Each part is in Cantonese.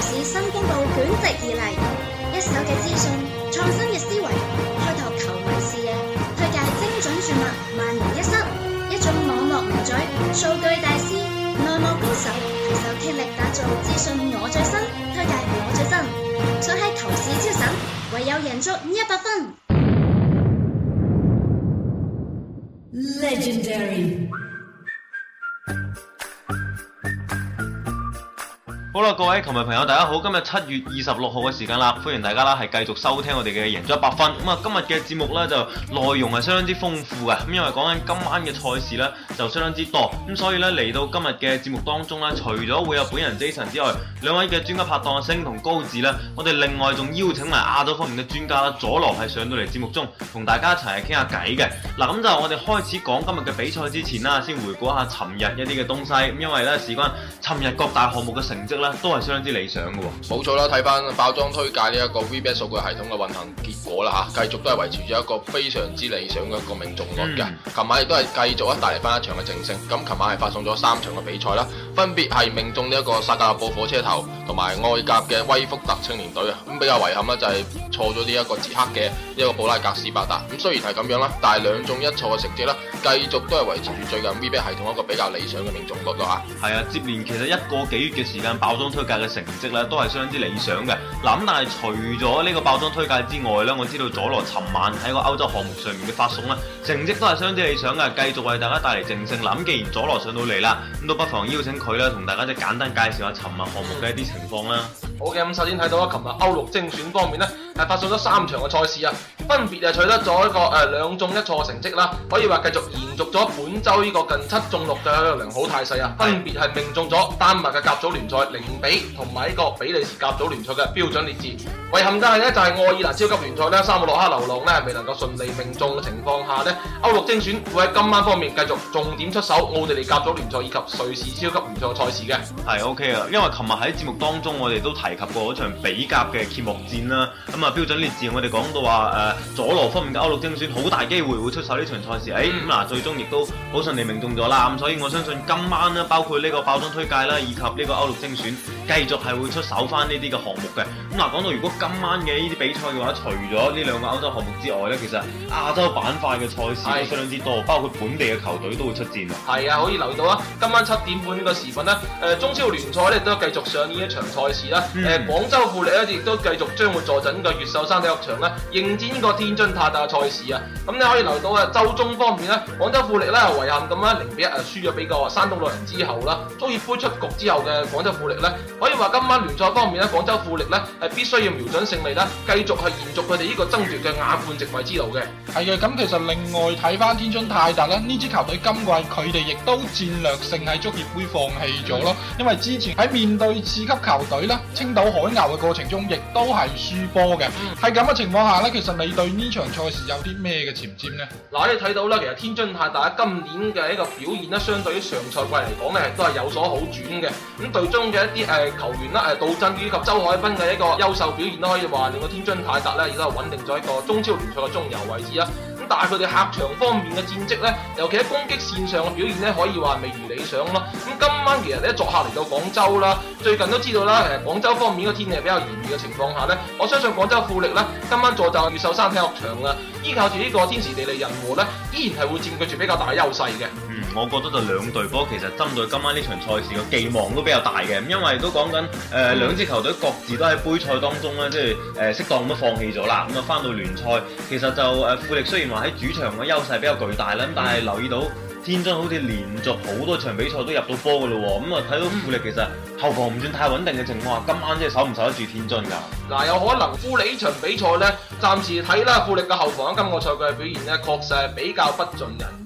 市新風暴卷席而嚟，一手嘅資訊，創新嘅思維，開拓球迷視野，推介精準注物，萬無一失。一種網絡名嘴，數據大師，內幕高手，攜手傾力打造資訊我最新，推介我最新。想喺球市超神，唯有贏足一百 FUN。Legendary。好啦，各位球迷朋友，大家好！今日七月二十六號嘅時間啦，歡迎大家啦，係繼續收聽我哋嘅贏足 100FUN。咁啊，今日嘅節目咧就內容係相當之豐富嘅，咁因為講緊今晚嘅賽事咧就相當之多，咁所以咧嚟到今日嘅節目當中咧，除咗會有本人 Jason 之外，兩位嘅專家拍檔星同高智咧，我哋另外仲邀請埋亞洲方面嘅專家啦，佐羅係上到嚟節目中同大家一齊係傾下偈嘅。嗱，咁就我哋開始講今日嘅比賽之前啦，先回顧一下尋日一啲嘅東西，咁因為咧事關尋日各大項目嘅成績。都係相當之理想嘅喎、嗯。冇錯啦，睇翻爆莊推介呢一個 Vbet 數據系統嘅運行結果啦，吓，繼續都係維持咗一個非常之理想嘅一個命中率嘅。琴、嗯、晚亦都係繼續啊，帶嚟翻一場嘅正勝。咁琴晚係發送咗三場嘅比賽啦，分別係命中呢一個薩格勒布火車頭同埋愛甲嘅威福特青年隊啊。咁比較遺憾咧就係、是。錯咗呢一個捷克嘅一個布拉格斯巴達，咁雖然係咁樣啦，但係兩中一錯嘅成績啦，繼續都係維持住最近 VBA 系統一個比較理想嘅命中度啊，係啊，接連其實一個幾月嘅時間爆裝推介嘅成績咧，都係相之理想嘅。嗱但係除咗呢個爆裝推介之外咧，我知道佐羅尋晚喺個歐洲項目上面嘅發送啦，成績都係相之理想嘅，繼續為大家帶嚟正勝。諗，既然佐羅上到嚟啦，咁都不妨邀請佢咧，同大家即係簡單介紹下尋日項目嘅一啲情況啦。好嘅，咁首先睇到啊，琴日歐陸精選方面咧。係發生咗三場嘅賽事啊！分別就取得咗一個誒兩、呃、中一錯嘅成績啦，可以話繼續延續咗本周呢個近七中六嘅良好態勢啊！是分別係命中咗丹麥嘅甲組聯賽零比，同埋呢個比利時甲組聯賽嘅標準列治，遺憾嘅係呢，就係愛爾蘭超級聯賽呢三個洛克流浪咧未能夠順利命中嘅情況下呢，歐陸精選會喺今晚方面繼續重點出手，奧地利甲組聯賽以及瑞士超級聯賽嘅賽事嘅。係 OK 啊，因為琴日喺節目當中我哋都提及過嗰場比甲嘅揭幕戰啦，咁啊標準列治我哋講到話誒。呃佐羅方面嘅歐陸精選好大機會會出手呢場賽事，咁嗱最終亦都好順利命中咗啦，咁所以我相信今晚包括呢個爆燈推介啦，以及呢個歐陸精選繼續係會出手翻呢啲嘅項目嘅。咁嗱講到如果今晚嘅呢啲比賽嘅話，除咗呢兩個歐洲項目之外呢，其實亞洲板塊嘅賽事都相當之多，包括本地嘅球隊都會出戰。係啊，可以留意到啊，今晚七點半呢個時分呢、呃、中超聯賽呢都繼續上演一場賽事啦。誒、嗯、廣州富力咧亦都繼續將會坐鎮個越秀山體育場啦，迎戰呢天津泰達嘅賽事啊，咁你可以留意到啊，周中方面咧，廣州富力咧遺憾咁咧零比一啊輸咗俾個山東魯能之後啦，足協杯出局之後嘅廣州富力咧，可以話今晚聯賽方面咧，廣州富力咧係必須要瞄準勝利啦，繼續去延續佢哋呢個爭奪嘅亞冠席位之路嘅。係嘅，咁其實另外睇翻天津泰達咧，呢支球隊今季佢哋亦都戰略性喺足協杯放棄咗咯，因為之前喺面對次級球隊咧青島海牛嘅過程中，亦都係輸波嘅。喺咁嘅情況下咧，其實你。對呢場賽事有啲咩嘅前瞻呢？嗱，可以睇到咧，其實天津泰達今年嘅一個表現咧，相對於上賽季嚟講咧，都係有所好轉嘅。咁隊中嘅一啲誒、呃、球員啦，誒杜振宇及周海濱嘅一個優秀表現都可以話令到天津泰達咧亦都係穩定咗一個中超聯賽嘅中游位置。但係佢哋客場方面嘅戰績呢，尤其喺攻擊線上嘅表現呢，可以話未如理想咯。咁今晚其實呢，作客嚟到廣州啦，最近都知道啦，誒廣州方面個天氣比較炎熱嘅情況下呢，我相信廣州富力呢，今晚坐就越秀山體育場啦，依靠住呢個天時地利利人和呢，依然係會佔據住比較大優勢嘅。我覺得就兩隊波，其實針對今晚呢場賽事嘅寄望都比較大嘅，咁因為都講緊誒兩支球隊各自都喺杯賽當中咧，即係誒、呃、適當咁放棄咗啦，咁啊翻到聯賽，其實就誒富力雖然話喺主場嘅優勢比較巨大啦，咁但係留意到天津好似連續好多場比賽都入到波嘅咯喎，咁啊睇到富力其實後防唔算太穩定嘅情況下，今晚真係守唔守得住天津㗎？嗱，有可能富力呢場比賽咧，暫時睇啦，富力嘅後防今個賽季嘅表現咧，確實係比較不盡人。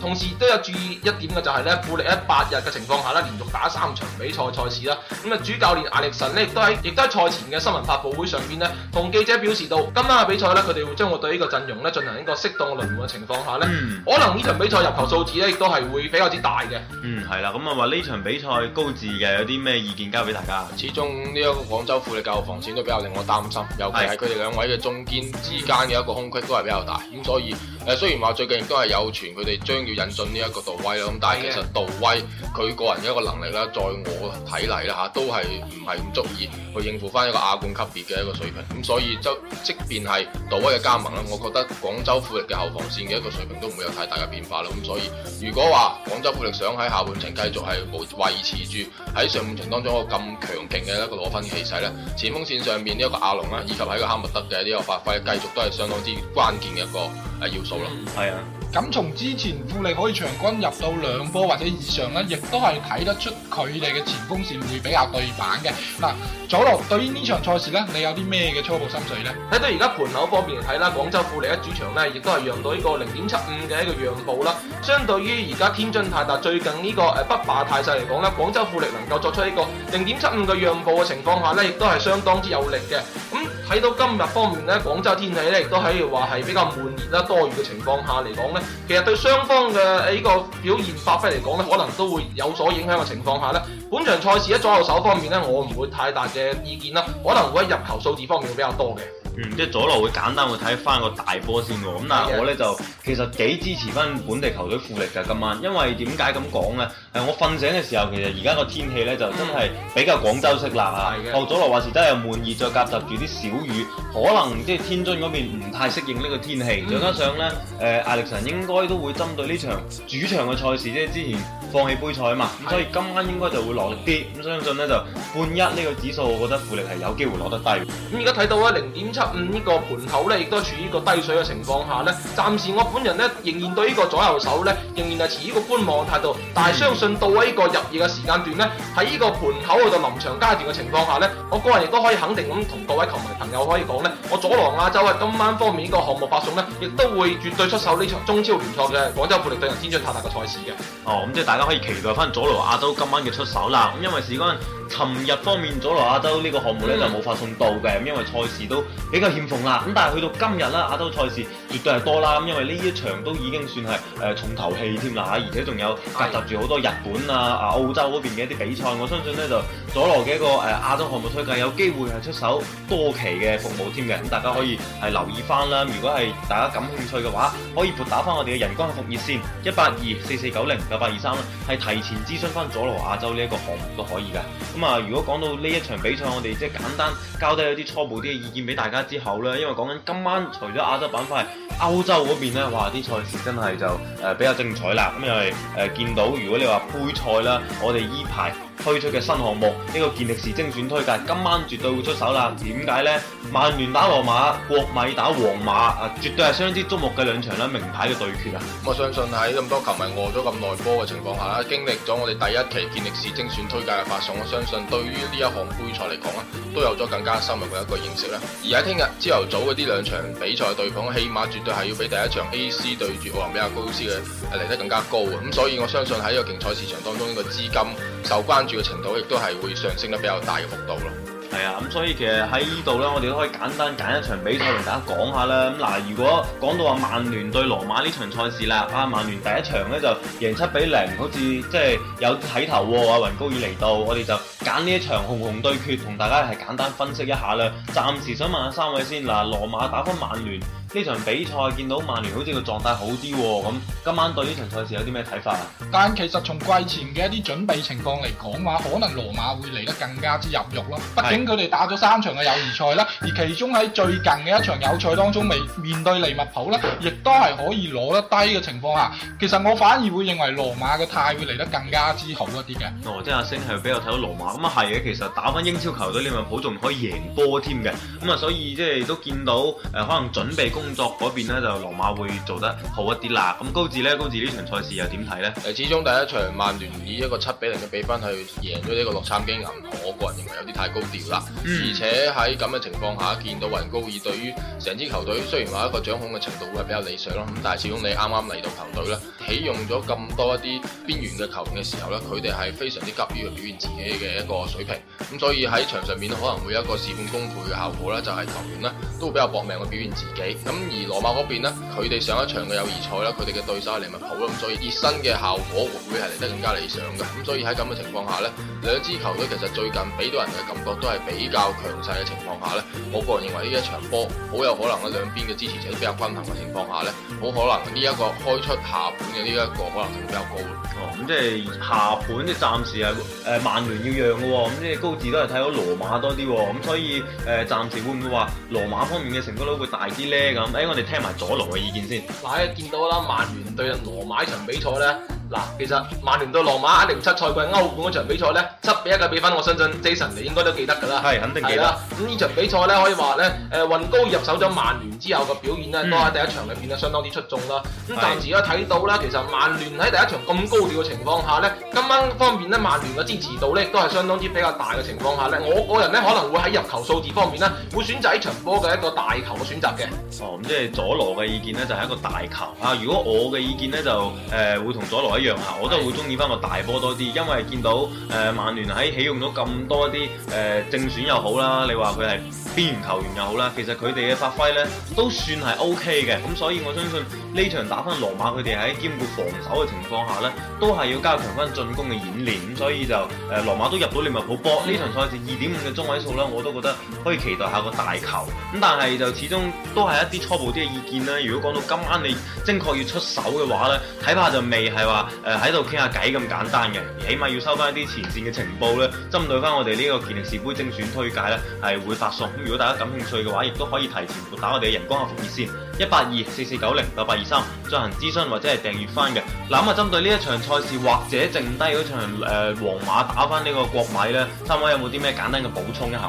同時都有注意一點嘅就係、是、咧，富力喺八日嘅情況下咧，連續打三場比賽賽事啦。咁啊，主教練阿力神咧亦都喺亦都喺賽前嘅新聞發布會上邊咧，同記者表示到，今晚嘅比賽咧，佢哋會將會對呢個陣容咧進行一個適當嘅輪換嘅情況下咧，嗯、可能呢場比賽入球數字咧亦都係會比較之大嘅。嗯，係啦，咁啊話呢場比賽高志嘅有啲咩意見交俾大家？始終呢一個廣州富力嘅防線都比較令我擔心，尤其係佢哋兩位嘅中堅之間嘅一個空隙都係比較大，咁所以。誒，雖然話最近亦都係有傳佢哋將要引進呢一個杜威啦，咁但係其實杜威佢個人嘅一個能力咧，在我睇嚟咧嚇都係唔係咁足以去應付翻一個亞冠級別嘅一個水平。咁所以，即即便係杜威嘅加盟啦，我覺得廣州富力嘅後防線嘅一個水平都唔會有太大嘅變化啦。咁所以，如果話廣州富力想喺下半程繼續係維持住喺上半程當中個咁強勁嘅一個攞分嘅氣勢咧，前鋒線上面呢一個阿龍啦，以及喺個哈密德嘅呢個發揮，繼續都係相當之關鍵嘅一個。係要數咯，係啊。咁從之前富力可以場均入到兩波或者以上咧，亦都係睇得出佢哋嘅前鋒線會比較對版嘅。嗱，佐羅對於呢場賽事咧，你有啲咩嘅初步心水咧？睇到而家盤口方面嚟睇啦，廣州富力喺主場咧，亦都係讓到呢個零點七五嘅一個讓步啦。相對於而家天津泰達最近呢個誒不敗態勢嚟講咧，廣州富力能夠作出呢個零點七五嘅讓步嘅情況下咧，亦都係相當之有力嘅。咁睇到今日方面咧，廣州天氣咧亦都係話係比較悶熱啦、多雨嘅情況下嚟講咧。其實對雙方嘅呢個表現發揮嚟講咧，可能都會有所影響嘅情況下咧，本場賽事喺左右手方面咧，我唔會太大嘅意見啦，可能會入球數字方面會比較多嘅。嗯，即係佐羅會簡單會睇翻個大波先喎。咁但係我咧就其實幾支持翻本地球隊富力㗎。今晚，因為點解咁講咧？誒、呃，我瞓醒嘅時候，其實而家個天氣咧就真係比較廣州式啦，吓的，後佐羅話時真係悶熱，再夾雜住啲小雨，可能即係天津嗰邊唔太適應呢個天氣，再加、嗯、上咧，誒、呃，艾歷臣應該都會針對呢場主場嘅賽事，即係之前放棄杯賽啊嘛。咁的所以今晚應該就會落力啲。咁相信咧就半一呢個指數我覺得富力係有機會落得低。咁而家睇到啊，零點七。七五呢個盤口咧，亦都處於一個低水嘅情況下咧。暫時我本人咧仍然對呢個左右手咧，仍然係持呢個觀望態度。但係相信到喺呢個入夜嘅時間段咧，喺呢個盤口去到臨場階段嘅情況下咧，我個人亦都可以肯定咁同各位球迷朋友可以講咧，我佐羅亞洲啊今晚方面呢個項目發送咧，亦都會絕對出手呢場中超聯賽嘅廣州富力對人天津泰達嘅賽事嘅。哦，咁、嗯、即係大家可以期待翻佐羅亞洲今晚嘅出手啦。咁、嗯、因為事關。尋日方面，佐羅亞洲呢個項目咧就冇發送到嘅，嗯、因為賽事都比較欠奉啦。咁但係去到今日啦，亞洲賽事絕對係多啦，咁因為呢一場都已經算係、呃、重頭戲添啦吓，而且仲有夾雜住好多日本啊、啊澳洲嗰邊嘅一啲比賽，我相信咧就佐羅嘅一個誒、呃、亞洲項目推介有機會係出手多期嘅服務添嘅，咁大家可以留意翻啦。如果係大家感興趣嘅話，可以撥打翻我哋嘅人工客服熱線。一八二四四九零九八二三啦，係提前諮詢翻佐羅亞洲呢一個項目都可以噶。咁啊！如果講到呢一場比賽，我哋即係簡單交低一啲初步啲嘅意見俾大家之後咧，因為講緊今晚除咗亞洲板塊，歐洲嗰邊咧話啲賽事真係就誒比較精彩啦。咁、嗯、又係、呃、見到，如果你話杯賽啦，我哋依排。推出嘅新項目呢個健力士精選推介，今晚絕對會出手啦！點解呢？曼聯打羅馬，國米打皇馬啊，絕對係相知矚目嘅兩場啦，名牌嘅對決啊！我相信喺咁多球迷餓咗咁耐波嘅情況下啦，經歷咗我哋第一期健力士精選推介嘅發送，我相信對於呢一項杯賽嚟講啊，都有咗更加深入嘅一個認識啦。而喺聽日朝頭早嘅呢兩場比賽的對碰，起碼絕對係要比第一場 AC 對住奧林比亞高斯嘅嚟得更加高啊！咁所以我相信喺呢個競賽市場當中，呢、呢個資金。受關注嘅程度，亦都係會上升得比較大嘅幅度咯。係啊，咁所以其實喺呢度咧，我哋都可以簡單揀一場比賽同大家講下啦。咁、嗯、嗱、啊，如果講到話曼聯對羅馬呢場賽事啦，啊曼聯第一場咧就贏七比零，好似即係有睇頭喎。啊雲高爾嚟到，我哋就揀呢一場紅紅對決同大家係簡單分析一下啦。暫時想問下三位先，嗱、啊、羅馬打返曼聯呢場比賽，見到曼聯好似個狀態好啲喎，咁、啊、今晚對呢場賽事有啲咩睇法啊？但其實從季前嘅一啲準備情況嚟講話，可能羅馬會嚟得更加之入肉咯，畢竟。佢哋打咗三場嘅友誼賽啦，而其中喺最近嘅一場友賽當中，未面對利物浦呢，亦都係可以攞得低嘅情況下，其實我反而會認為羅馬嘅態會嚟得更加之好一啲嘅。哦，即阿星係比較睇到羅馬咁啊，係、嗯、嘅，其實打返英超球隊利物浦仲可以贏波添嘅，咁、嗯、啊，所以即係都見到誒、呃，可能準備工作嗰邊呢，就羅馬會做得好一啲啦。咁、嗯、高智呢，高智呢場賽事又點睇呢？始終第一場曼聯以一個七比零嘅比分去贏咗呢個洛杉磯銀河，我個人認為有啲太高調。而且喺咁嘅情況下，見到雲高爾對於成支球隊，雖然話一個掌控嘅程度會係比較理想咯，咁但係始終你啱啱嚟到球隊咧，起用咗咁多一啲邊緣嘅球員嘅時候咧，佢哋係非常之急於表現自己嘅一個水平，咁所以喺場上面可能會有一個事半功倍嘅效果啦，就係、是、球員咧都會比較搏命去表現自己，咁而羅馬嗰邊咧，佢哋上一場嘅友誼賽咧，佢哋嘅對手係利物浦，咁所以熱身嘅效果會係嚟得更加理想嘅，咁所以喺咁嘅情況下咧，兩支球隊其實最近俾到人嘅感覺都係，比較強勢嘅情況下咧，我個人認為呢一場波好有可能嘅兩邊嘅支持者都比較均衡嘅情況下咧，好可能呢一個開出下盤嘅呢一個可能性比較高哦，咁、嗯、即係下盤即係暫時係曼聯要讓嘅喎，咁即係高志都係睇到羅馬多啲喎，咁、嗯、所以誒、呃、暫時會唔會話羅馬方面嘅成功率會大啲咧？咁誒，我哋聽埋佐羅嘅意見先。嗱，見到啦，曼聯對陣羅馬呢場比賽咧。嗱，其實曼聯對羅馬零七賽季歐冠嗰場比賽咧，七比一嘅比分，我相信 Jason 你應該都記得㗎啦。係肯定記得。啦，咁、嗯、呢場比賽咧，可以話咧，誒運高入手咗曼聯之後嘅表現咧，都喺、嗯、第一場入面咧，相當之出眾啦。咁暫時咧睇到咧，其實曼聯喺第一場咁高調嘅情況下咧，今晚方面咧，曼聯嘅支持度咧都係相當之比較大嘅情況下咧，我個人咧可能會喺入球數字方面咧，會選擇喺場波嘅一個大球嘅選擇嘅。哦，咁即係佐羅嘅意見咧就係、是、一個大球啊！如果我嘅意見咧就誒、呃、會同佐羅一樣啊，我都係會中意翻個大波多啲，因為見到誒、呃、曼聯喺起用咗咁多啲誒、呃、正選又好啦，你話佢係邊緣球員又好啦，其實佢哋嘅發揮呢都算係 O K 嘅，咁所以我相信呢場打翻羅馬，佢哋喺兼顧防守嘅情況下呢，都係要加強翻進攻嘅演練，咁所以就誒、呃、羅馬都入到利物浦波呢場賽事二點五嘅中位數啦，我都覺得可以期待下個大球，咁但係就始終都係一啲初步啲嘅意見啦。如果講到今晚你精確要出手嘅話呢，睇怕就未係話。誒喺度傾下偈咁簡單嘅，起碼要收翻一啲前線嘅情報咧，針對翻我哋呢個健力士杯精選推介咧，係會發送。咁如果大家感興趣嘅話，亦都可以提前撥打我哋嘅人工客服熱線一八二四四九零八八二三進行諮詢或者係訂閲翻嘅。嗱咁啊，針對呢一場賽事或者剩低嗰場誒皇馬打翻呢個國米咧，三位有冇啲咩簡單嘅補充一下？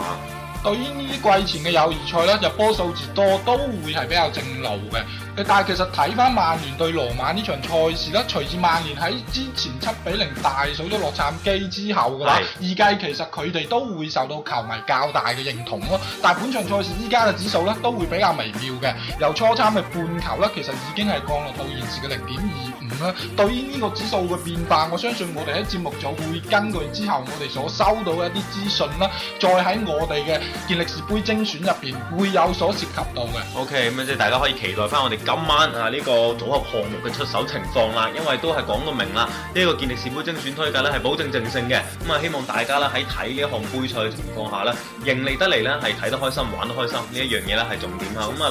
對於呢啲季前嘅友誼賽咧，入波數字多都會係比較正路嘅。但係其實睇翻曼聯對羅馬呢場賽事咧，隨住曼聯喺之前七比零大掃咗洛杉磯之後嘅話，預計的其實佢哋都會受到球迷較大嘅認同咯。但係本場賽事依家嘅指數咧，都會比較微妙嘅。由初參嘅半球呢，其實已經係降落到現時嘅零點二五啦。對於呢個指數嘅變化，我相信我哋喺節目組會根據之後我哋所收到嘅一啲資訊啦，再喺我哋嘅健力士杯精選入面會有所涉及到嘅。OK，咁即係大家可以期待翻我哋。今晚啊呢、呢個組合項目嘅出手情況啦，因為都係講到明啦，呢、呢個健力士杯精選推介咧係保證正勝嘅，咁啊希望大家呢喺睇呢一項杯賽嘅情況下咧，盈利得嚟咧係睇得開心，玩得開心呢一樣嘢咧係重點啊，咁啊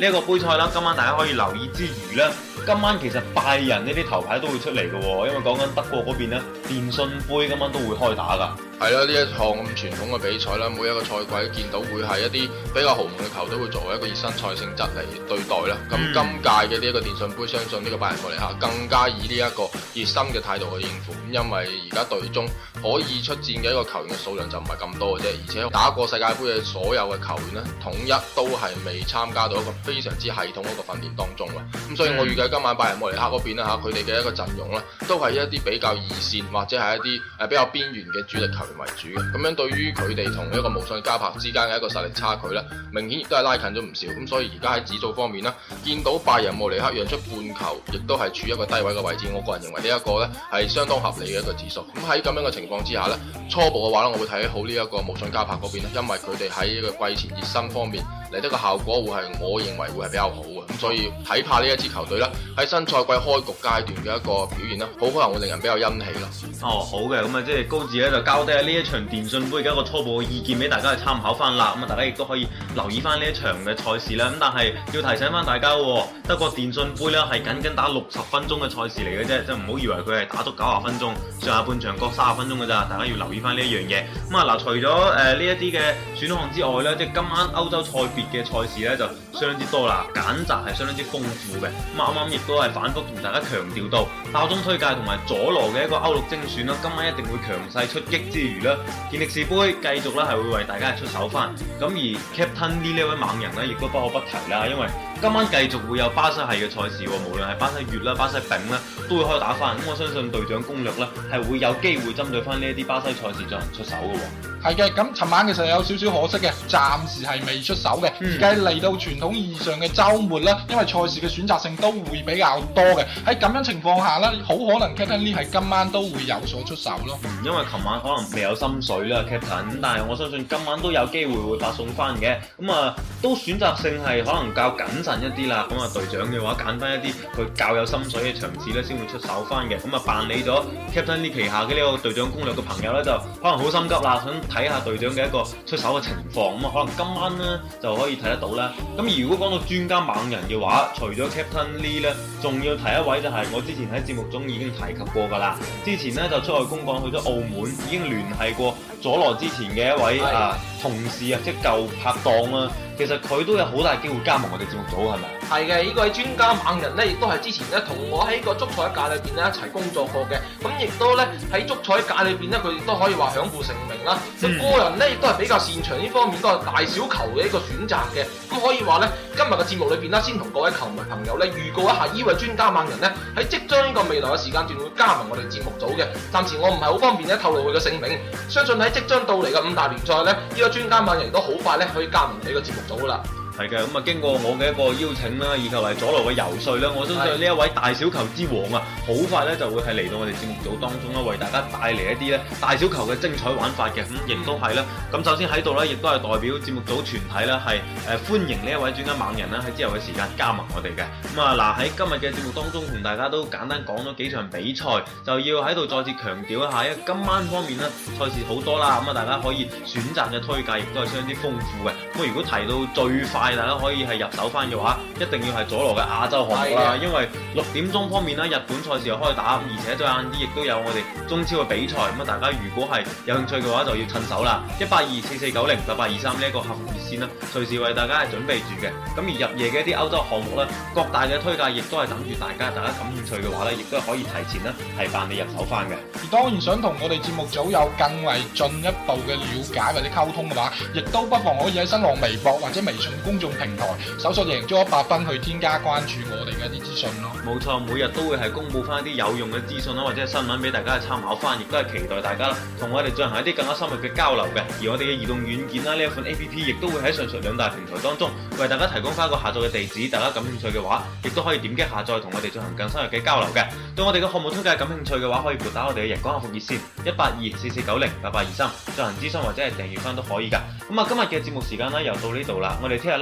嗱呢一個杯賽啦，今晚大家可以留意之餘咧，今晚其實拜仁呢啲頭牌都會出嚟嘅喎，因為講緊德國嗰邊咧電信杯今晚都會開打噶。係啦，呢一項咁傳統嘅比賽啦，每一個賽季見到會係一啲比較豪門嘅球都會作為一個熱身賽性質嚟對待啦。咁、嗯、今屆嘅呢一個電信杯，相信呢個拜仁慕尼黑更加以呢一個熱心嘅態度去應付，因為而家隊中。可以出戰嘅一個球員嘅數量就唔係咁多嘅啫，而且打過世界盃嘅所有嘅球員呢，統一都係未參加到一個非常之系統嗰個訓練當中嘅。咁所以我預計今晚拜仁慕尼黑嗰邊咧吓，佢哋嘅一個陣容呢，都係一啲比較二線或者係一啲誒比較邊緣嘅主力球員為主嘅。咁樣對於佢哋同一個慕遜加柏之間嘅一個實力差距呢，明顯亦都係拉近咗唔少。咁所以而家喺指數方面呢，見到拜仁慕尼黑讓出半球，亦都係處一個低位嘅位置。我個人認為呢一個呢，係相當合理嘅一個指數。咁喺咁樣嘅情之下咧，初步嘅話咧，我會睇好呢一個慕遜加柏嗰邊，因為佢哋喺呢個季前熱身方面嚟得個效果會係，我認為會係比較好嘅。咁所以睇怕呢一支球隊啦，喺新賽季開局階段嘅一個表現咧，好可能會令人比較欣喜咯。哦，好嘅，咁啊即係高志咧就交低呢一場電信杯，而家個初步嘅意見俾大家去參考翻啦。咁啊，大家亦都可以留意翻呢一場嘅賽事啦。咁但係要提醒翻大家喎，德國電信杯咧係僅僅打六十分鐘嘅賽事嚟嘅啫，即係唔好以為佢係打足九十分鐘，上下半場各三十分鐘。大家要留意翻呢一樣嘢。咁啊，嗱，除咗誒呢一啲嘅選項之外咧，即係今晚歐洲賽別嘅賽事咧，就相當之多啦，揀擇係相當之豐富嘅。咁啱啱亦都係反覆同大家強調到，鬧鐘推介同埋佐羅嘅一個歐陸精選啦，今晚一定會強勢出擊之餘咧，健力士杯繼續咧係會為大家出手翻。咁而 Captain D 呢位猛人咧，亦都不可不提啦，因為。今晚繼續會有巴西系嘅賽事喎，無論係巴西乙啦、巴西丙啦，都會開打翻。咁我相信隊長攻略咧係會有機會針對翻呢一啲巴西賽事進行出手嘅喎。係嘅，咁尋晚其實有少少可惜嘅，暫時係未出手嘅。而家嚟到傳統意義上嘅週末啦，因為賽事嘅選擇性都會比較多嘅。喺咁樣情況下咧，好可能 Captain Lee 係今晚都會有所出手咯。嗯，因為琴晚可能未有心水啦，Captain。但係我相信今晚都有機會會發送翻嘅。咁啊，都選擇性係可能較謹慎一啲啦。咁啊，隊長嘅話揀翻一啲佢較有心水嘅場次咧，先會出手翻嘅。咁啊，辦理咗 Captain Lee 旗下嘅呢個隊長攻略嘅朋友咧，就可能好心急啦，想。睇下隊長嘅一個出手嘅情況，咁啊可能今晚咧就可以睇得到啦。咁如果講到專家猛人嘅話，除咗 Captain Lee 咧，仲要提一位就係我之前喺節目中已經提及過㗎啦。之前咧就出外公幹去咗澳門，已經聯繫過佐羅之前嘅一位的啊同事啊，即係舊拍檔啊。其實佢都有好大機會加盟我哋節目組，係咪？係嘅，呢位係專家猛人咧，亦都係之前咧同我喺個足彩界裏邊咧一齊工作過嘅，咁亦都咧喺足彩界裏邊咧，佢亦都可以話享負盛名啦。佢、嗯、個人咧亦都係比較擅長呢方面，都係大小球嘅一個選擇嘅。咁可以話咧，今日嘅節目裏邊啦，先同各位球迷朋友咧預告一下，呢位專家猛人咧喺即將呢個未來嘅時間段會加盟我哋節目組嘅。暫時我唔係好方便咧透露佢嘅姓名，相信喺即將到嚟嘅五大聯賽咧，呢、呢個專家猛人亦都好快咧可以加盟你個節目組噶啦。係嘅，咁啊經過我嘅一個邀請啦，以及係佐羅嘅遊說啦，我相信呢一位大小球之王啊，好快咧就會係嚟到我哋節目組當中啊，為大家帶嚟一啲咧大小球嘅精彩玩法嘅，咁、嗯、亦都係啦。咁首先喺度咧，亦都係代表節目組全體啦，係誒歡迎呢一位專家猛人啦，喺之後嘅時間加盟我哋嘅。咁啊嗱喺今日嘅節目當中，同大家都簡單講咗幾場比賽，就要喺度再次強調一下，因為今晚方面咧賽事好多啦，咁啊大家可以選擇嘅推介亦都係相當之豐富嘅。咁如果提到最快。大家可以係入手翻嘅話，一定要係佐羅嘅亞洲項目啦，的因為六點鐘方面咧，日本賽事又開打，而且最晏啲亦都有我哋中超嘅比賽，咁啊，大家如果係有興趣嘅話，就要趁手啦，一八二四四九零八八二三呢一個客服熱線啦，隨時為大家係準備住嘅。咁而入夜嘅一啲歐洲項目咧，各大嘅推介亦都係等住大家，大家感興趣嘅話咧，亦都可以提前啦，係辦理入手翻嘅。而當然想同我哋節目組有更為進一步嘅了解或者溝通嘅話，亦都不妨可以喺新浪微博或者微信公司公眾平台搜索贏咗一百分去添加關注我哋嘅一啲資訊咯，冇錯，每日都會係公布翻一啲有用嘅資訊啦，或者係新聞俾大家參考翻，亦都係期待大家同我哋進行一啲更加深入嘅交流嘅。而我哋嘅移動軟件啦，呢一款 A P P 亦都會喺上述兩大平台當中為大家提供翻一個下載嘅地址，大家感興趣嘅話，亦都可以點擊下載同我哋進行更深入嘅交流嘅。對我哋嘅項目推介感興趣嘅話，可以撥打我哋嘅人工客服熱線一八二四四九零八八二三進行諮詢或者係訂閱翻都可以噶。咁啊，今日嘅節目時間呢，又到呢度啦，我哋聽日。